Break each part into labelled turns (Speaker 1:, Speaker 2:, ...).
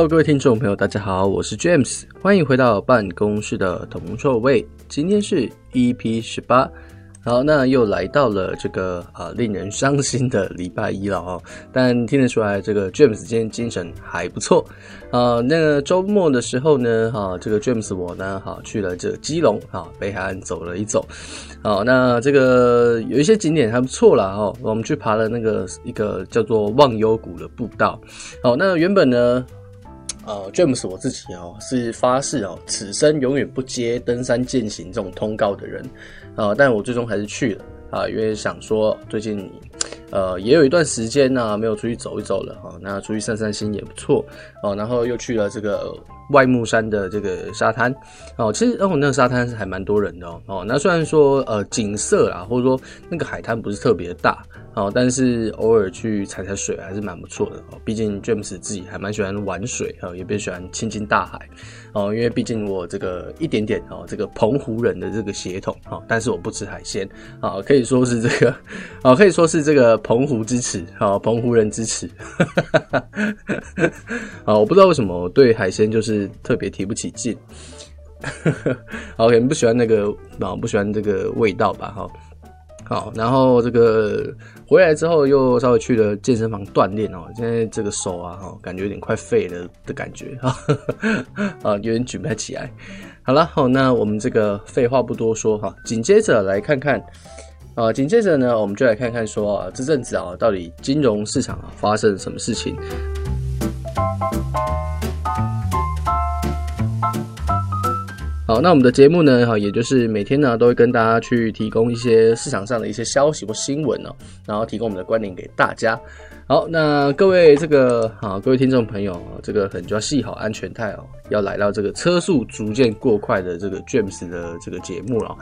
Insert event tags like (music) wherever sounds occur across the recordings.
Speaker 1: Hello，各位聽眾朋友，大家好，我是 James，歡迎回到辦公室的同座位。今天是 EP 十八，好，那又來到了這個啊，令人傷心的禮拜一了哦。但聽得出來，這個 James 今天精神還不錯啊。那周、個、末的時候呢，哈、啊，這個 James 我呢，好、啊、去了這基隆啊，北海岸走了一走。好，那這個有一些景點還不錯了哦。我們去爬了那個一個叫做忘憂谷的步道。好，那原本呢。啊、uh,，James，我自己哦，是發誓哦，此生永遠不接登山健行這種通告的人啊，uh, 但我最終還是去了啊，uh, 因為想說最近你。呃，也有一段時間呢、啊，沒有出去走一走了哈、哦。那出去散散心也不錯哦。然後又去了這個外木山的這個沙灘哦。其實哦，那個沙灘是還蠻多人的哦。那雖然說呃，景色啊，或者說那個海灘不是特別的大哦，但是偶爾去踩踩水還是蠻不錯的哦。畢竟 James 自己還蠻喜歡玩水啊、哦，也特別喜歡親近大海哦。因為畢竟我這個一點點哦，這個澎湖人的這個血統哈、哦，但是我不吃海鮮啊、哦，可以說是這個啊、哦，可以說是這個。這個澎湖之恥，哈，澎湖人之恥，哈哈哈哈哈。好，我不知道為什麼我對海鮮就是特別提不起勁， (laughs) 好，OK，可能不喜歡那個，哦，不喜歡這個味道吧，哈。好，然後這個回來之後又稍微去了健身房鍛鍊哦，現在這個手啊，哈，感覺有點快廢了的感覺，哈，啊，有點舉不太起來。好了，好，那我們這個廢話不多說，哈，緊接着來看看。呃、啊，緊接着呢，我們就來看看說，啊、這陣子啊，到底金融市場啊發生了什麼事情。那我們的節目呢，哈，也就是每天呢都會跟大家去提供一些市場上的一些消息或新聞哦，然後提供我們的觀點給大家。好，那各位這個好，各位聽眾朋友，這個很就要繫好安全帶哦，要來到這個車速逐漸過快的這個 James 的這個節目了。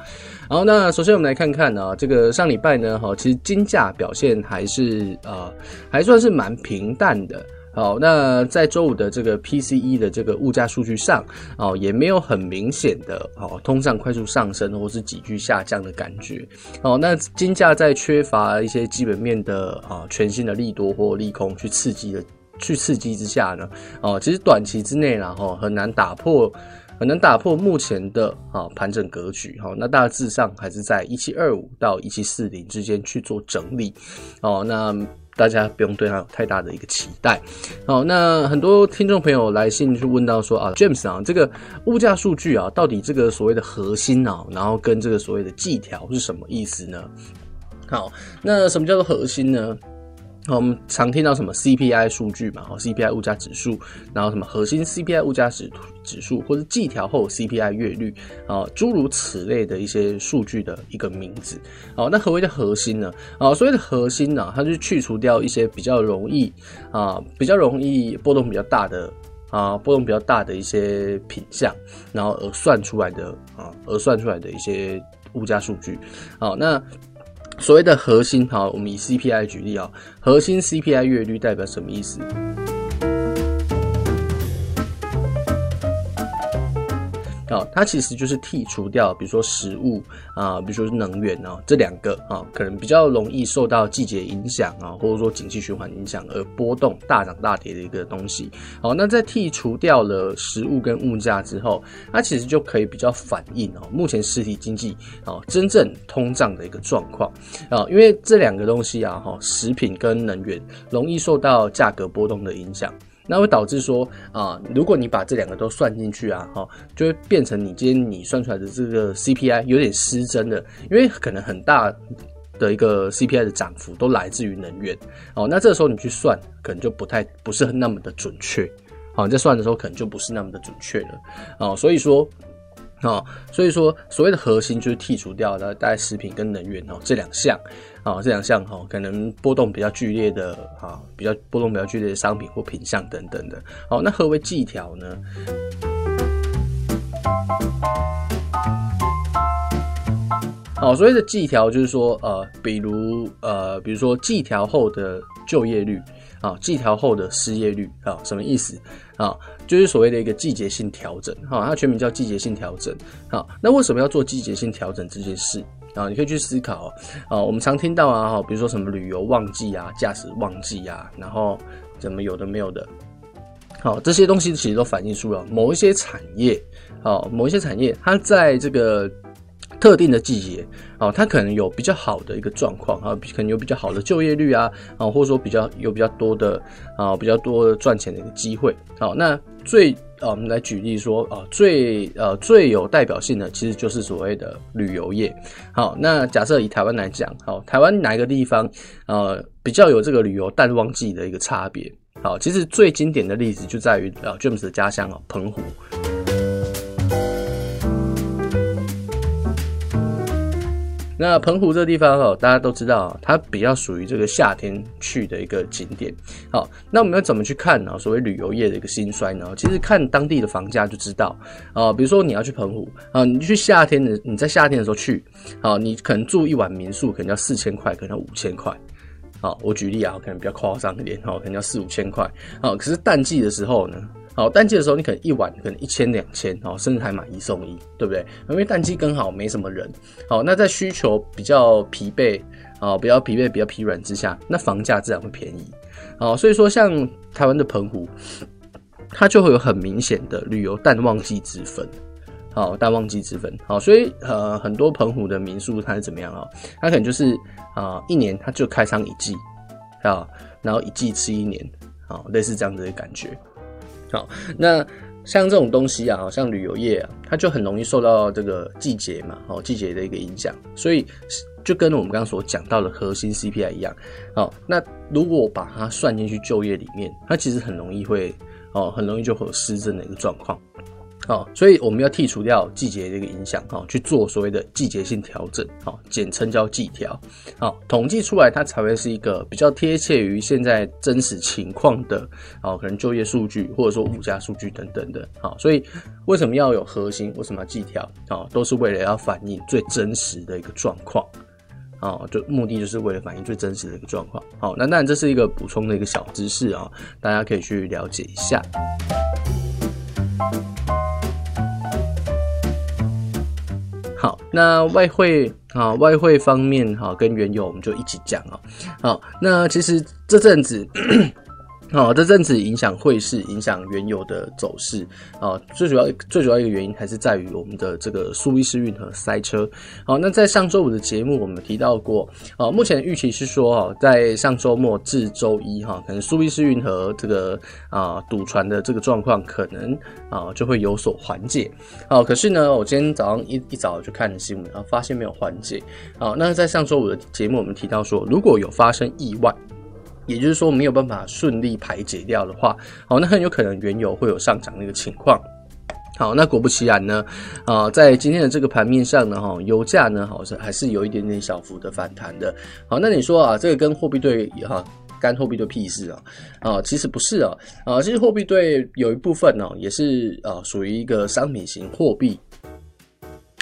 Speaker 1: 好，那首先我們來看看呢，這個上禮拜呢，哈，其實金價表現還是呃，還算是蠻平淡的。好、哦，那在周五的這個 PCE 的這個物價數據上，哦，也沒有很明顯的哦通脹快速上升，或是急劇下降的感覺。哦，那金價在缺乏一些基本面的啊、哦、全新的利多或利空去刺激的去刺激之下呢，哦，其實短期之內，然、哦、後很難打破，很難打破目前的啊盤、哦、整格局。哈、哦，那大致上還是在一七二五到一七四零之間去做整理。哦，那。大家不用對他有太大的一個期待。好，那很多聽眾朋友來信去問到說啊，James 啊，這個物價數據啊，到底這個所謂的核心啊，然後跟這個所謂的季調是什麼意思呢？好，那什麼叫做核心呢？我們常聽到什麼 CPI 數據嘛，然後 CPI 物價指數，然後什麼核心 CPI 物價指指數，或者季調後 CPI 月率，啊，諸如此類的一些數據的一個名字。好，那何謂的核心呢？啊，所謂的核心呢，啊，它就是去除掉一些比較容易啊，比較容易波動比較大的啊，波動比較大的一些品項，然後而算出來的啊，而算出來的一些物價數據。好，那。所謂的核心，好，我們以 CPI 舉例啊。核心 CPI 月率代表什麼意思？哦，它其實就是剔除掉，比如說食物啊，比如說能源哦、啊，這兩個啊，可能比較容易受到季節影響啊，或者說景氣循環影響而波動大漲大跌的一個東西。好、啊，那在剔除掉了食物跟物價之後，它、啊、其實就可以比較反映哦、啊，目前實體經濟哦、啊、真正通脹的一個狀況啊，因為這兩個東西啊哈、啊，食品跟能源容易受到價格波動的影響。那會導致說啊，如果你把這兩個都算進去啊，哈、啊，就會變成你今天你算出來的這個 CPI 有點失真的，因為可能很大的一個 CPI 的漲幅都來自於能源，哦、啊，那這時候你去算可能就不太不是那麼的準確，哦、啊，你在算的時候可能就不是那麼的準確了，哦、啊，所以說。啊、哦，所以說，所謂的核心就是剔除掉了帶食品跟能源哦這兩項，啊、哦、這兩項哈、哦、可能波動比較劇烈的啊、哦、比較波動比較劇烈的商品或品項等等的。好、哦，那何為季調呢？好，所謂的季調就是說，呃，比如呃，比如說季調後的就業率。啊，季調後的失業率啊，什麼意思啊？就是所謂的一個季節性調整哈，它全名叫季節性調整啊。那為什麼要做季節性調整這件事啊？你可以去思考啊。我們常聽到啊，哈，比如說什麼旅遊旺季啊、駕駛旺季啊，然後怎麼有的沒有的，好，這些東西其實都反映出了某一些產業，好，某一些產業它在這個。特定的季節啊，它可能有比較好的一個狀況啊，可能有比較好的就業率啊，啊，或者說比較有比較多的啊，比較多的賺錢的一個機會。好，那最我們來舉例說啊，最呃最有代表性的其實就是所謂的旅遊業。好，那假設以台灣來講，好，台灣哪一個地方呃比較有這個旅遊淡旺季的一個差別？好，其實最經典的例子就在於 James 的家鄉澎湖。那澎湖這個地方哦、喔，大家都知道、喔，它比較屬於這個夏天去的一個景點。好，那我們要怎麼去看呢、喔？所謂旅遊業的一個興衰呢？其實看當地的房價就知道。啊，比如說你要去澎湖啊，你去夏天的，你在夏天的時候去，好，你可能住一晚民宿，可能要四千塊，可能要五千塊。好，我舉例啊，可能比較誇張一點，好，可能要四五千塊。好，可是淡季的時候呢？好，淡季的時候，你可能一晚可能一千兩千，哦，甚至還買一送一，對不對？因為淡季剛好沒什麼人。好，那在需求比較疲憊，啊、哦，比較疲憊，比較疲軟之下，那房價自然會便宜。好、哦，所以說像台灣的澎湖，它就會有很明顯的旅遊淡旺季之分。好、哦，淡旺季之分。好、哦，所以呃，很多澎湖的民宿它是怎麼樣啊？它可能就是啊、呃，一年它就開倉一季啊，然後一季吃一年，啊、哦，類似這樣子的感覺。好，那像這種東西啊，像旅遊業啊，它就很容易受到這個季節嘛，哦，季節的一個影響，所以就跟我們剛剛所講到的核心 CPI 一樣，好，那如果把它算進去就業裡面，它其實很容易會，哦，很容易就會有失真的一個狀況。哦，所以我們要剔除掉季節的一個影響啊、哦，去做所謂的季節性調整啊、哦，簡稱叫季調。好、哦，統計出來它才會是一個比較貼切於現在真實情況的哦，可能就業數據或者說物價數據等等的。好、哦，所以為什麼要有核心？為什麼要季調？好、哦，都是為了要反映最真實的一個狀況。哦，就目的就是為了反映最真實的一個狀況。好、哦，那當然這是一個補充的一個小知識啊、哦，大家可以去了解一下。好，那外匯啊，外匯方面哈，跟原油我們就一起講啊。好，那其實這陣子。 (coughs) 好、哦，這陣子影響匯市，影響原油的走勢啊、哦，最主要最主要一個原因還是在於我們的這個蘇伊士運河塞車。好、哦，那在上周五的節目我們提到過，啊、哦，目前預期是說，哈、哦，在上周末至周一，哈、哦，可能蘇伊士運河這個啊堵、哦、船的這個狀況可能啊、哦、就會有所緩解。好、哦，可是呢，我今天早上一一早就看了新聞，然、哦、發現沒有緩解。好、哦，那在上周五的節目我們提到說，如果有發生意外，也就是說，沒有辦法順利排解掉的話，好，那很有可能原油會有上漲的一個情況。好，那果不其然呢，啊，在今天的這個盤面上呢，哈，油價呢，好像還是有一點點小幅的反彈的。好，那你說啊，這個跟貨幣對哈干貨幣對屁事啊？啊，其實不是啊，啊，其實貨幣對有一部分呢，啊，也是啊，屬於一個商品型貨幣。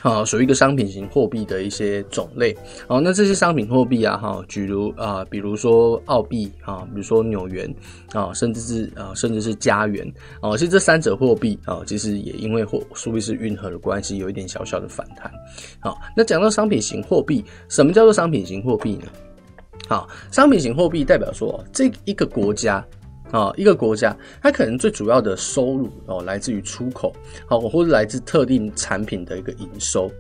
Speaker 1: 啊、哦，屬於一個商品型貨幣的一些種類。哦，那這些商品貨幣啊，哈、哦，比如啊、呃，比如說澳幣啊、哦，比如說紐元啊、哦，甚至是啊、呃，甚至是加元。哦，其實這三者貨幣啊，其實也因為蘇伊士運河的關係，有一點小小的反彈。好、哦，那講到商品型貨幣，什麼叫做商品型貨幣呢？好、哦，商品型貨幣代表說、哦、這個、一個國家。啊，一個國家它可能最主要的收入哦，來自於出口，好、哦，或者來自特定產品的一個營收，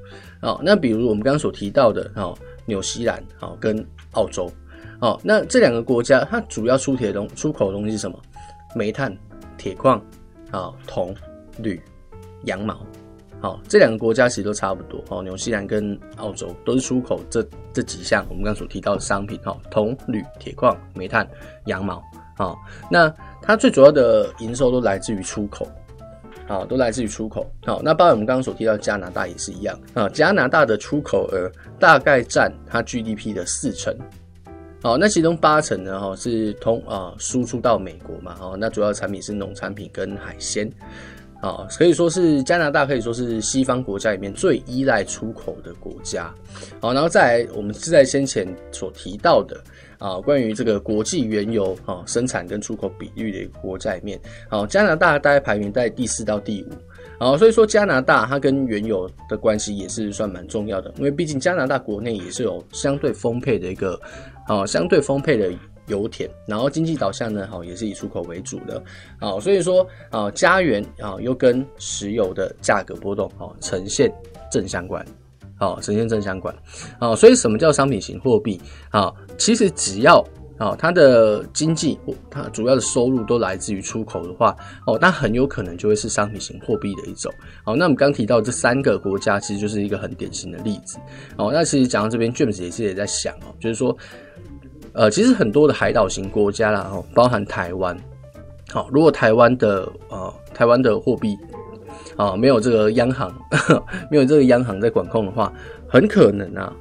Speaker 1: 哦，那比如我們剛剛所提到的哦，紐西蘭啊、哦、跟澳洲，哦，那這兩個國家它主要出鐵東出口的東西是什麼？煤炭、鐵礦、啊、哦、銅、鋁、羊毛，好、哦，這兩個國家其實都差不多，哦，紐西蘭跟澳洲都是出口這這幾項我們剛剛所提到的商品，哈、哦，銅、鋁、鐵礦、煤炭、羊毛。好，那它最主要的營收都來自於出口，好，都來自於出口。好，那包括我們剛剛所提到加拿大也是一樣啊。加拿大的出口額大概占它 GDP 的四成，好，那其中八成呢哈是通啊輸、呃、輸出到美國嘛，哦，那主要的產品是農產品跟海鮮，好，可以說是加拿大可以說是西方國家裡面最依賴出口的國家。好，然後再來我們是在先前所提到的。啊，關於這個國際原油啊生產跟出口比率的一個國家裡面，啊，加拿大大概排名在第四到第五，啊，所以說加拿大它跟原油的關係也是算蠻重要的，因為畢竟加拿大國內也是有相對豐沛的一個，啊相對豐沛的油田，然後經濟導向呢，好、啊、也是以出口為主的，啊，所以說啊加元啊又跟石油的價格波動啊呈現正相關。好、呃，呈現正相關。好、呃，所以什麼叫商品型貨幣？好、呃，其實只要啊、呃，它的經濟，它主要的收入都來自於出口的話，哦、呃，那很有可能就會是商品型貨幣的一種。好、呃，那我們剛提到這三個國家，其實就是一個很典型的例子。哦、呃，那其實講到這邊，James 也是也在想哦，就是說，呃，其實很多的海島型國家啦，哦、呃，包含台灣。好、呃，如果台灣的啊、呃，台灣的貨幣。啊、哦，沒有這個央行呵呵，沒有這個央行在管控的話，很可能啊，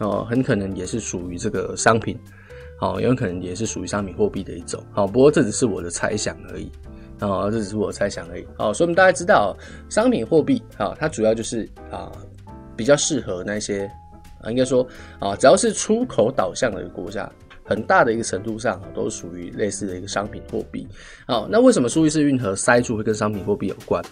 Speaker 1: 哦，很可能也是屬於這個商品，好、哦，有可能也是屬於商品貨幣的一種，好、哦，不過這只是我的猜想而已，哦，這只是我的猜想而已，好、哦，所以我們大家知道，商品貨幣，好、哦，它主要就是啊、呃，比較適合那些，啊，應該說，啊、哦，只要是出口導向的一個國家，很大的一個程度上，啊，都屬於類似的一個商品貨幣，好、哦，那為什麼蘇伊士運河塞住會跟商品貨幣有關？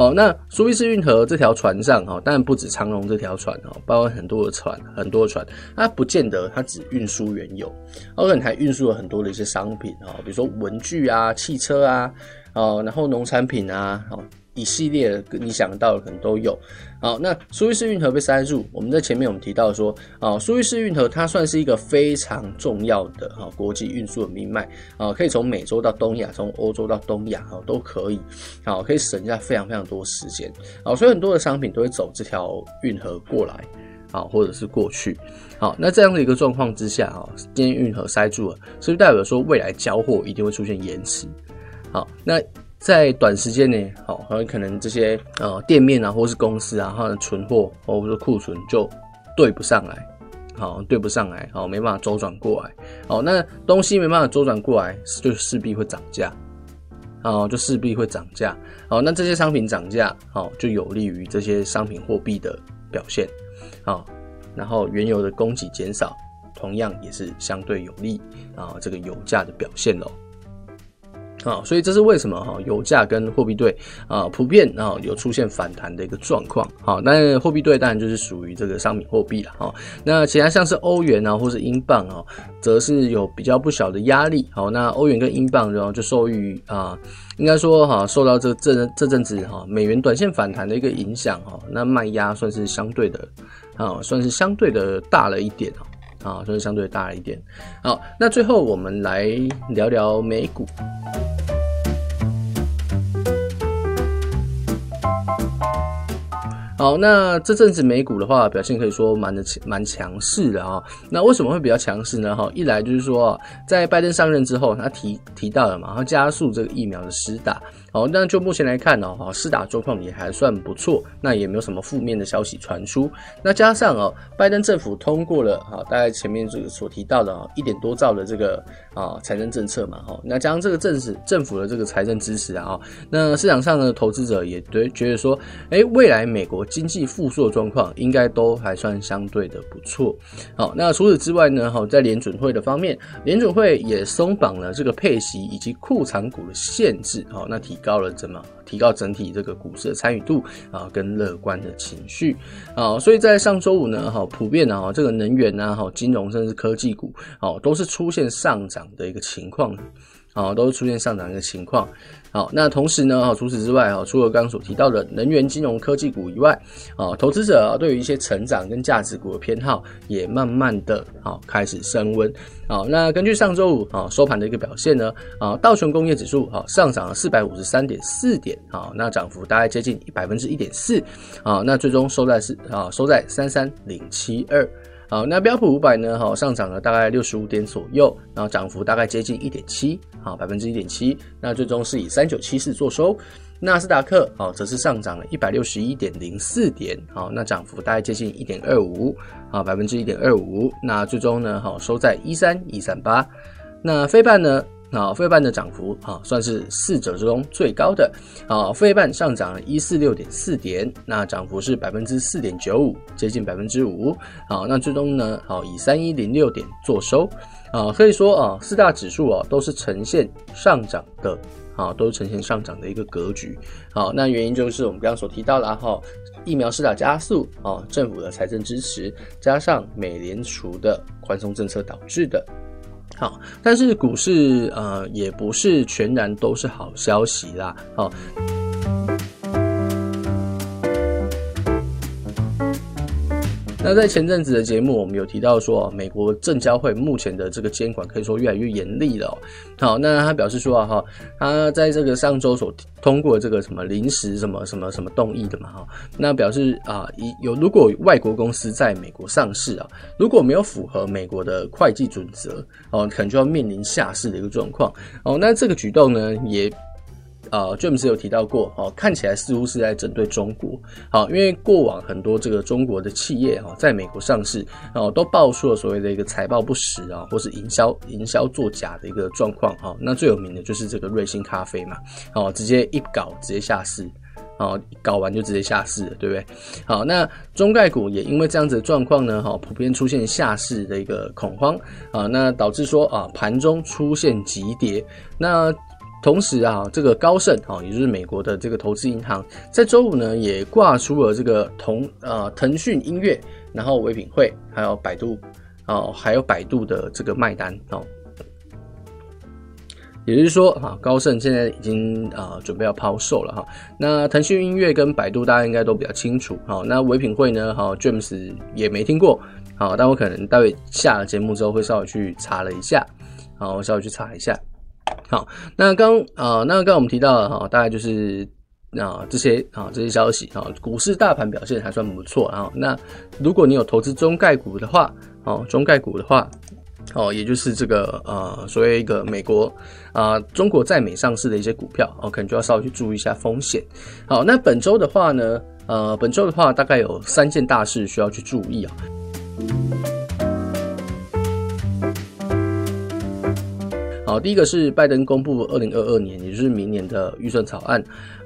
Speaker 1: 哦，那蘇伊士運河這條船上哈、哦，當然不止長榮這條船哈、哦，包括很多的船，很多的船，它不見得它只運輸原油，而可能還運輸了很多的一些商品哈、哦，比如說文具啊、汽車啊，哦、然後農產品啊，哦一系列的你想到的可能都有。好，那蘇伊士運河被塞住，我們在前面我們提到說，啊、哦，蘇伊士運河它算是一個非常重要的哈、哦、國際運輸的命脈啊、哦，可以從美洲到東亞，從歐洲到東亞啊、哦、都可以，好，可以省下非常非常多時間，好，所以很多的商品都會走這條運河過來，啊，或者是過去，好，那這樣的一個狀況之下，哈，今天運河塞住了，所以代表說未來交貨一定會出現延遲，好，那。在短時間內，好，很可能這些呃店面啊，或是公司啊，它的存貨或者說庫存就對不上來，好，對不上來，好，沒辦法周轉過來，好，那東西沒辦法周轉過來，就勢必會漲價，哦，就勢必會漲價，好，那這些商品漲價，好，就有利於這些商品貨幣的表現，啊，然後原油的供給減少，同樣也是相對有利啊，這個油價的表現咯。啊，所以這是為什麼哈、哦？油價跟貨幣對啊，普遍啊有出現反彈的一個狀況。好，那貨幣對當然就是屬於這個商品貨幣了哈。那其他像是歐元啊，或是英鎊啊，則是有比較不小的壓力。好，那歐元跟英鎊然後就受於啊，應該說哈、啊，受到這這這陣子哈、啊、美元短線反彈的一個影響哈。那賣壓算是相對的啊，算是相對的大了一點哈啊，算是相對大了一點。好，那最後我們來聊聊美股。好，那這陣子美股的話，表現可以說蠻的強，蠻強勢的啊、喔。那為什麼會比較強勢呢？哈，一來就是說，在拜登上任之後，他提提到了嘛，然後加速這個疫苗的施打。好，那就目前來看呢、喔，哈，施打狀況也還算不錯，那也沒有什麼負面的消息傳出。那加上啊、喔，拜登政府通過了哈，大概前面這個所提到的啊、喔、一點多兆的這個啊財、喔、政政策嘛，哈、喔，那加上這個政治政府的這個財政支持啊，喔、那市場上呢，投資者也對覺得說，哎、欸，未來美國經濟復甦的狀況應該都還算相對的不錯。好，那除此之外呢，哈、喔，在聯準會的方面，聯準會也鬆綁了這個配息以及庫藏股的限制，好、喔，那提。提高了怎麼提高整體這個股市的參與度啊，跟樂觀的情緒啊，所以在上周五呢，哈、啊，普遍呢、啊，這個能源啊，哈、啊，金融甚至科技股，哦、啊，都是出現上漲的一個情況。啊、哦，都是出現上漲的一個情況。好、哦，那同時呢，啊，除此之外，啊，除了剛所提到的能源、金融、科技股以外，啊、哦，投資者對於一些成長跟價值股的偏好也慢慢的，好、哦、開始升溫。好、哦，那根據上週五啊、哦、收盤的一個表現呢，啊、哦，道瓊工業指數啊、哦、上漲了四百五十三點四點，啊、哦，那漲幅大概接近百分之一點四，啊，那最終收在是啊、哦、收在三三零七二。好，那標普五百呢？哈，上漲了大概六十五點左右，然後漲幅大概接近一點七，好，百分之一點七。那最終是以三九七四做收。納斯達克，哦則是上漲了一百六十一點零四點，好，那漲幅大概接近一點二五，好，百分之一點二五。那最終呢，好收在一三一三八。那費半呢？那費半的漲幅啊，算是四者之中最高的啊。費半上漲了一四六點四點，那漲幅是百分之四點九五，接近百分之五。好，那最終呢，好、啊、以三一零六點做收啊。可以說啊，四大指數啊都是呈現上漲的啊，都是呈現上漲的，、啊、的一個格局。好、啊，那原因就是我們剛剛所提到了哈、啊，疫苗施打加速啊，政府的財政支持，加上美聯儲的寬鬆政策導致的。好，但是股市呃也不是全然都是好消息啦，好。那在前陣子的節目，我們有提到說啊，美國證交會目前的這個監管可以說越來越嚴厲了哦。好，哦，那他表示說啊，哈，他在這個上周所通過這個什麼臨時什麼什麼什麼動議的嘛，哈，哦，那表示啊，一有如果外國公司在美國上市啊，如果沒有符合美國的會計準則，哦，可能就要面臨下市的一個狀況。哦，那這個舉動呢，也。啊、uh,，James 有提到過哦，uh, 看起來似乎是在針對中國。好、uh,，因為過往很多這個中國的企業啊，uh, 在美國上市哦，uh, 都爆出了所謂的一個財報不實啊，uh, 或是營銷營銷作假的一個狀況啊。Uh, 那最有名的就是這個瑞幸咖啡嘛，哦、uh,，直接一搞直接下市，哦、uh,，搞完就直接下市了，對不對？Uh-huh. 好，那中概股也因為這樣子的狀況呢，哈、uh,，普遍出現下市的一個恐慌啊，uh, 那導致說啊，盤、uh, 中出現急跌，那、uh,。同時啊，這個高盛啊，也就是美國的這個投資銀行，在周五呢也掛出了這個騰呃騰訊音樂，然後唯品會，還有百度哦、啊，還有百度的這個賣單哦、啊，也就是說啊，高盛現在已經啊準備要拋售了哈、啊。那騰訊音樂跟百度大家應該都比較清楚好、啊，那唯品會呢哈、啊、，James 也沒聽過好、啊，但我可能待會下了節目之後會稍微去查了一下，好、啊，我稍微去查一下。好，那剛啊、呃，那剛我們提到了哈、哦，大概就是啊、哦、這些啊、哦、這些消息啊、哦，股市大盤表現還算不錯啊、哦。那如果你有投資中概股的話、哦，中概股的話，哦，也就是這個呃所謂一個美國啊、呃、中國在美上市的一些股票，哦，可能就要稍微去注意一下風險。好、哦，那本周的話呢，呃，本周的話大概有三件大事需要去注意啊、哦。好，第一個是拜登公布二零二二年，也就是明年的預算草案。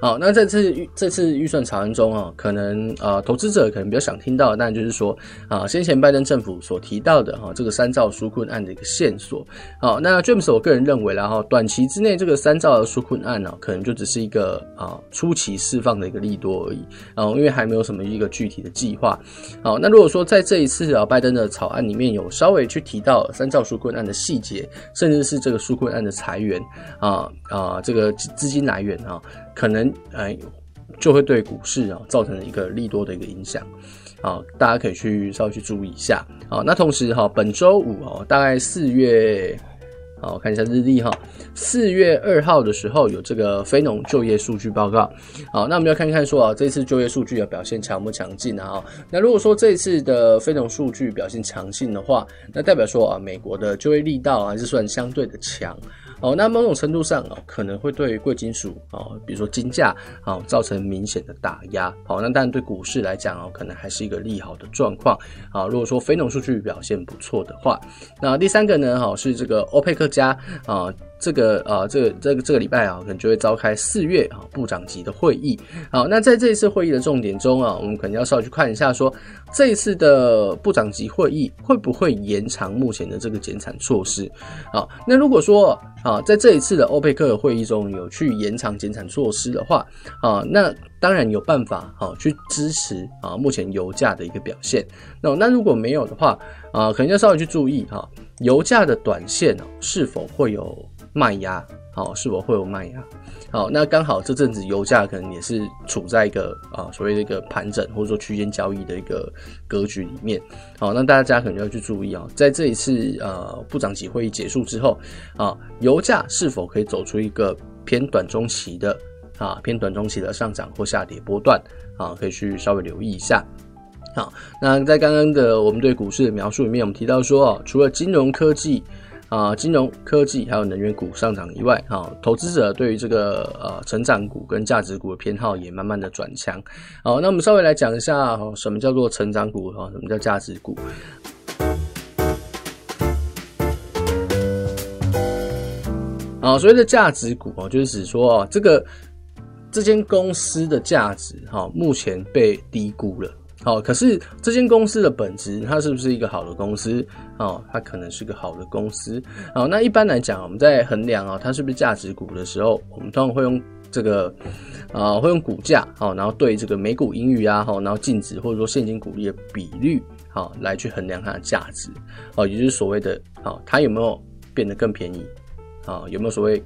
Speaker 1: 好，那在這次這次預算草案中啊，可能呃、啊、投資者可能比較想聽到的，當然就是說啊，先前拜登政府所提到的哈、啊，這個三兆紓困案的一個線索。好，那 James 我個人認為啦哈，短期之內這個三兆的紓困案呢、啊，可能就只是一個啊初期釋放的一個利多而已、啊。因為還沒有什麼一個具體的計劃。好，那如果說在這一次啊拜登的草案裡面有稍微去提到三兆紓困案的細節，甚至是這個紓困案的財源啊啊，這個資金來源啊。可能哎，就會對股市啊、哦、造成一個利多的一個影響啊，大家可以去稍微去注意一下啊。那同時哈、哦，本周五哦，大概四月，好，看一下日曆哈、哦，四月二號的時候有這個非農就業數據報告，好，那我們要看看說啊，這次就業數據的表現強不強勁啊、哦？那如果說這次的非農數據表現強勁的話，那代表說啊，美國的就業力道還、啊、是算相對的強。哦，那某種程度上哦，可能會對貴金屬啊、哦，比如說金價啊、哦，造成明顯的打壓。好、哦，那當然對股市來講哦，可能還是一個利好的狀況啊。如果說非農數據表現不錯的話，那第三個呢，好、哦，是這個歐佩克加啊。哦這個啊，這個這個這個禮拜啊，可能就會召開四月啊部長級的會議。好，那在這一次會議的重點中啊，我們可能要稍微去看一下說，說這一次的部長級會議會不會延長目前的這個減產措施？啊，那如果說啊，在這一次的歐佩克會議中有去延長減產措施的話，啊，那當然有辦法啊去支持啊目前油價的一個表現。那、哦、那如果沒有的話，啊，可能要稍微去注意哈、啊，油價的短線、啊、是否會有。賣壓，好，是否會有賣壓？好，那剛好這陣子油價可能也是處在一個啊所謂的一個盤整或者說區間交易的一個格局裡面。好，那大家可能要去注意啊，在這一次呃部長級會議結束之後啊，油價是否可以走出一個偏短中期的啊偏短中期的上漲或下跌波段啊，可以去稍微留意一下。好，那在剛剛的我們對股市的描述裡面，我們提到說哦，除了金融科技。啊，金融科技還有能源股上漲以外，哈、啊，投資者對於這個呃、啊、成長股跟價值股的偏好也慢慢的轉強。好，那我們稍微來講一下哈、啊，什麼叫做成長股？哈、啊，什麼叫價值股？好，所謂的價值股哦、啊，就是指說啊，這個這間公司的價值哈、啊，目前被低估了。好，可是這間公司的本質，它是不是一個好的公司？哦，它可能是一個好的公司。哦，那一般來講，我們在衡量哦，它是不是價值股的時候，我們通常會用這個，啊，會用股價，哦、啊，然後對這個每股盈餘啊，哈、啊，然後淨值或者說現金股利的比率，好、啊，來去衡量它的價值。哦、啊，也就是所謂的，哦、啊，它有沒有變得更便宜？啊，有沒有所謂？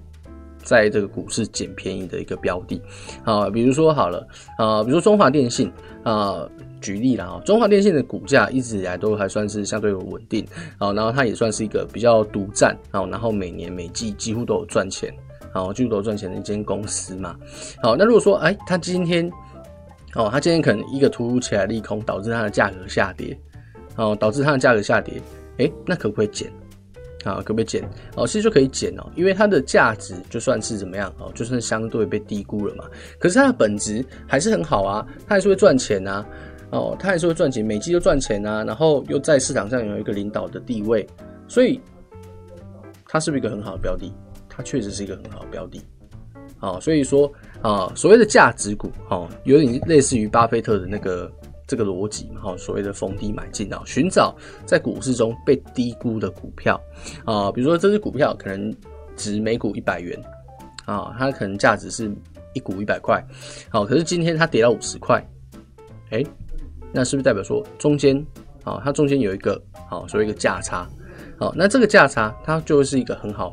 Speaker 1: 在這個股市撿便宜的一個標的，好，比如說好了，啊、呃，比如說中華電信，啊、呃，舉例了啊，中華電信的股價一直以來都還算是相對穩定，啊，然後它也算是一個比較獨占，啊，然後每年每季幾乎都有賺錢，幾乎都有賺錢的一間公司嘛，好，那如果說哎、欸，它今天，哦，它今天可能一個突如其來利空導致它的價格下跌，哦，導致它的價格下跌，哎、欸，那可不可以撿？啊，可不可以撿？哦，其實就可以撿哦，因為它的價值就算是怎麼樣哦，就算相對被低估了嘛。可是它的本質還是很好啊，它還是會賺錢啊，哦，它還是會賺錢，每季都賺錢啊，然後又在市場上有一個領導的地位，所以它是不是一個很好的標的？它確實是一個很好的標的哦，所以說啊，哦，所謂的價值股哦，有點類似於巴菲特的那個。這個邏輯好，所謂的逢低買進啊，尋找在股市中被低估的股票啊，比如說這隻股票可能值每股一百元啊，它可能價值是一股一百塊，好，可是今天它跌到五十塊誒，那是不是代表說中間啊，它中間有一個好，所謂一個價差，好，那這個價差它就會是一個很好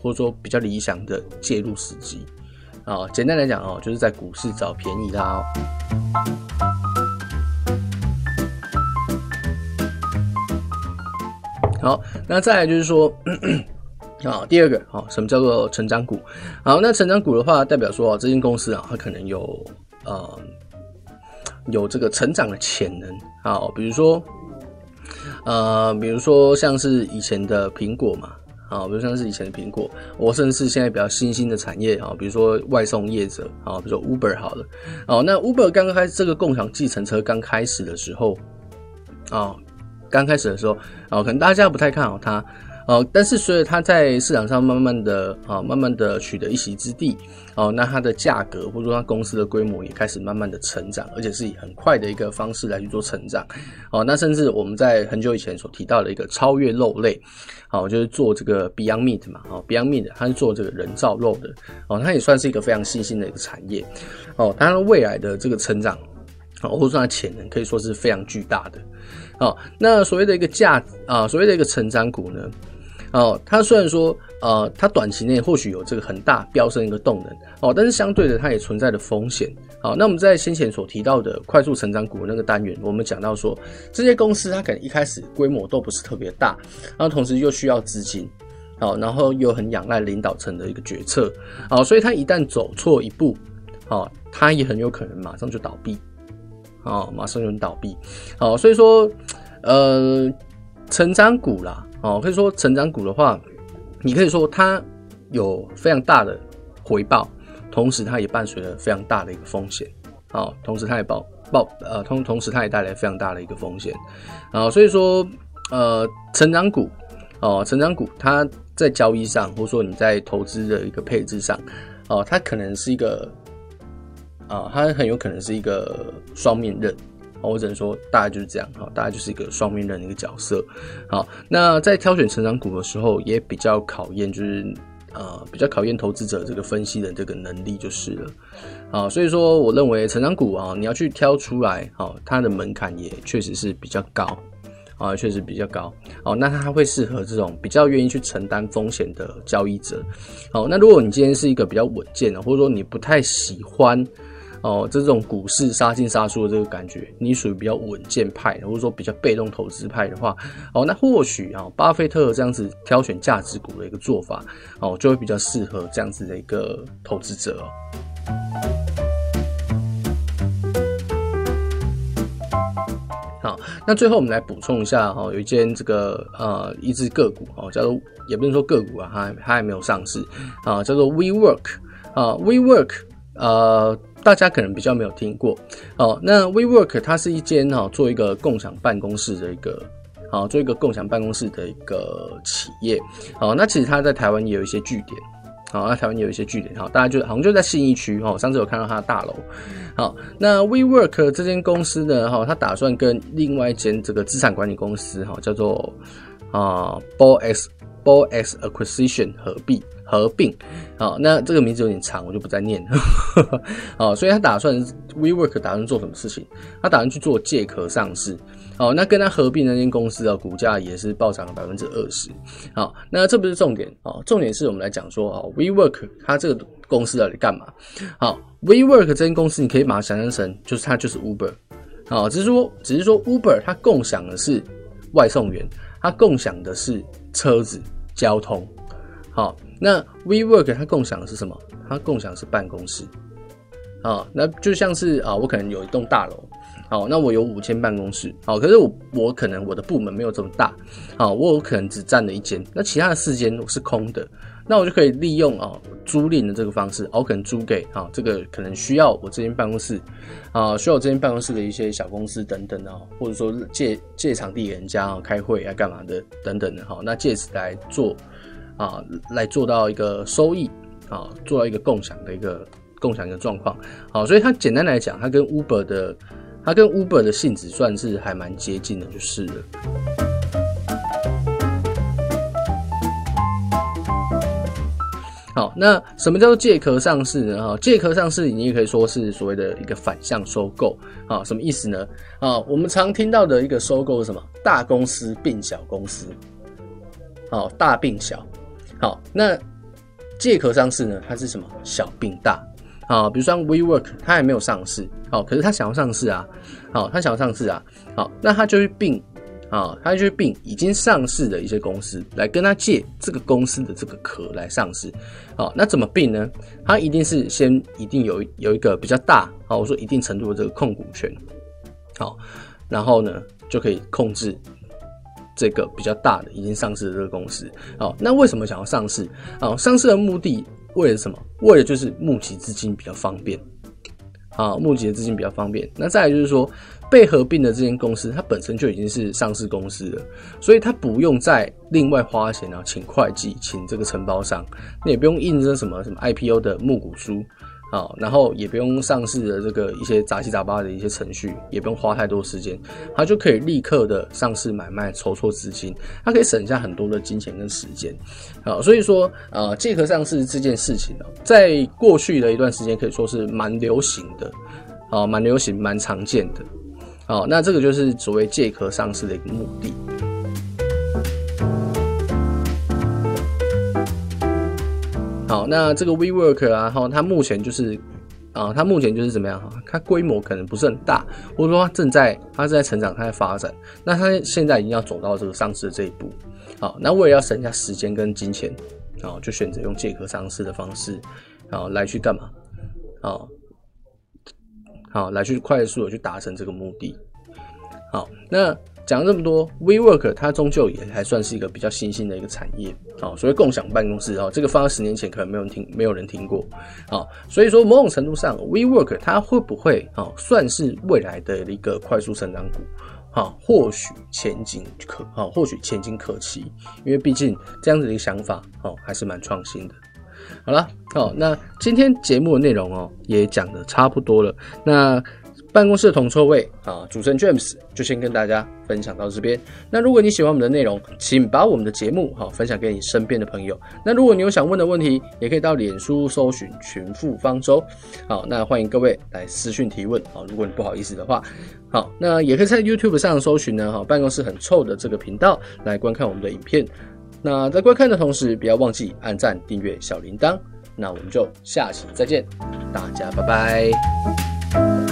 Speaker 1: 或者說比較理想的介入時機啊，簡單來講哦，就是在股市找便宜的哦。好，那再來就是說，咳咳，好，第二個，好，什麼叫做成長股？好，那成長股的話，代表說、哦、這間公司啊，它可能有呃，有這個成長的潛能。好，比如說，呃，比如說像是以前的蘋果嘛，好，比如像是以前的蘋果，我甚至現在比較新興的產業，好，比如說外送業者，好，比如說 Uber 好了，好，那 Uber 剛剛開始這個共享計程車剛開始的時候，啊。剛開始的時候，哦，可能大家不太看好它，哦，但是隨着它在市場上慢慢的，哦，慢慢的取得一席之地，哦，那它的價格或者說它公司的規模也開始慢慢的成長，而且是以很快的一個方式來去做成長，哦，那甚至我們在很久以前所提到的一個超越肉類，哦，就是做這個 Beyond Meat 嘛，哦，Beyond Meat 它是做這個人造肉的，哦，它也算是一個非常新興的一個產業，哦，當然未來的這個成長，哦，或者說它潛能可以說是非常巨大的。好、哦，那所謂的一個價值啊、呃，所謂的一個成長股呢，哦，它雖然說，呃，它短期內或許有這個很大飆升一個動能，哦，但是相對的，它也存在着風險。好、哦，那我們在先前所提到的快速成長股那個單元，我們講到說，這些公司它可能一開始規模都不是特別大，然後同時又需要資金，好、哦，然後又很仰賴領導層的一個決策，好、哦，所以它一旦走錯一步，好、哦，它也很有可能馬上就倒閉。啊、哦，馬上就能倒閉，好、哦，所以說，呃，成長股啦，哦，可以說成長股的話，你可以說它有非常大的回報，同時它也伴隨着非常大的一個風險，好、哦，同時它也暴暴，呃，同同時它也帶來非常大的一個風險，啊、哦，所以說，呃，成長股，哦，成長股它在交易上，或者說你在投資的一個配置上，哦，它可能是一個。啊，它很有可能是一個雙面刃，我只能說大概就是這樣哈、啊，大概就是一個雙面刃的一個角色。好，那在挑選成長股的時候，也比較考驗，就是呃、啊，比較考驗投資者這個分析的這個能力就是了。啊，所以說我認為成長股啊，你要去挑出來，好、啊，它的門檻也確實是比較高，啊，確實比較高。好，那它會適合這種比較願意去承擔風險的交易者。好，那如果你今天是一個比較穩健的，或者說你不太喜歡。哦，這種股市殺進殺出的這個感覺，你屬於比較穩健派的，或者說比較被動投資派的話，哦，那或許啊、哦，巴菲特這樣子挑選價值股的一個做法，哦，就會比較適合這樣子的一個投資者、哦。好，那最後我們來補充一下哈、哦，有一間這個呃，一支個股哦，叫做，也不能說個股啊，它還它還沒有上市啊、呃，叫做 WeWork 啊、呃，WeWork 呃。大家可能比較沒有聽過哦。那 WeWork 它是一間哈，做一個共享辦公室的一個，好，做一個共享辦公室的一個企業。好，那其實它在台灣也有一些據點。好，那台灣也有一些據點。好，大家就好像就在信義區哈。我上次有看到它的大樓。好，那 WeWork 這間公司呢，哈，它打算跟另外一間這個資產管理公司哈，叫做啊，BowX BowX Acquisition 合併。合併，好，那這個名字有點長，我就不再念了。 (laughs) 好，所以他打算，WeWork 打算做什麼事情？他打算去做借殼上市。好，那跟他合併那間公司啊，股價也是暴漲了百分之二十。好，那這不是重點啊，重點是我們來講說，哦，WeWork 它這個公司到底幹嘛？好，WeWork 這間公司你可以把它想象成，就是它就是 Uber。好，只是說，只是說 Uber 它共享的是外送員，它共享的是車子，交通。好。那 WeWork 它共享的是什麼？它共享的是辦公室啊，那就像是啊，我可能有一棟大樓，好、啊，那我有五間辦公室，好、啊，可是我我可能我的部門沒有這麼大，好、啊，我可能只佔了一間，那其他的四間是空的，那我就可以利用啊租賃的這個方式，啊、我可能租給啊這個可能需要我這間辦公室啊需要我這間辦公室的一些小公司等等啊，或者說借借場地給人家啊開會啊幹嘛的等等的，好、啊，那借此來做。啊，來做到一個收益，啊，做到一個共享的一個共享的狀況，好，所以它簡單來講，它跟 Uber 的，它跟 Uber 的性質算是還蠻接近的，就是了。好，那什麼叫做借殼上市呢？哈、啊，借殼上市你也可以說是所謂的一個反向收購，啊，什麼意思呢？啊，我們常聽到的一個收購是什麼？大公司並小公司，好，大並小。好，那借殼上市呢？它是什麼？小併大啊，比如說像 WeWork，它還沒有上市，好，可是它想要上市啊，好，它想要上市啊，好，那它就去併啊，它就去併已經上市的一些公司，來跟它借這個公司的這個殼來上市，好，那怎麼併呢？它一定是先一定有有一個比較大啊，我說一定程度的這個控股權，好，然後呢就可以控制。這個比較大的已經上市的這個公司，哦，那為什麼想要上市？哦，上市的目的為了什麼？為了就是募集資金比較方便，啊，募集的資金比較方便。那再來就是說，被合併的這間公司它本身就已經是上市公司了，所以它不用再另外花錢啊，請會計，請這個承包商，那也不用印這什麼什麼 IPO 的募股書。好，然後也不用上市的這個一些雜七雜八的一些程序，也不用花太多時間，它就可以立刻的上市買賣，籌措資金，它可以省下很多的金錢跟時間。好，所以說，呃，借殼上市這件事情呢，在過去的一段時間可以說是蠻流行的，啊，蠻流行，蠻常見的。好，那這個就是所謂借殼上市的一個目的。好，那這個 WeWork 啊，哈，它目前就是，啊，它目前就是怎麼樣哈？它規模可能不是很大，或者說它正在它正在成長，它在發展。那它現在已經要走到這個上市的這一步。好，那為了要省下時間跟金錢，啊，就選擇用借殼上市的方式，啊，來去幹嘛？啊，好，來去快速的去達成這個目的。好，那。講了這麼多，WeWork 它終究也還算是一個比較新興的一個產業，哦、所謂共享辦公室、哦，哈，這個放到十年前可能沒有人聽，沒有人聽過、哦，所以說某種程度上，WeWork 它會不會、哦，算是未來的一個快速成長股，哦、或許前景可，哦、或許前景可期，因為畢竟這樣子的一個想法，哈、哦，還是蠻創新的。好了、哦，那今天節目的內容哦，也講的差不多了，那。辦公室的同錯位啊，主持人 James 就先跟大家分享到這邊。那如果你喜歡我們的內容，請把我們的節目分享給你身邊的朋友。那如果你有想問的問題，也可以到臉書搜尋“群富方舟”好，那歡迎各位來私訊提問啊。如果你不好意思的話，好，那也可以在 YouTube 上搜尋呢哈“辦公室很臭”的這個頻道來觀看我們的影片。那在觀看的同時，不要忘記按讚、訂閱、小鈴鐺。那我們就下期再見，大家拜拜。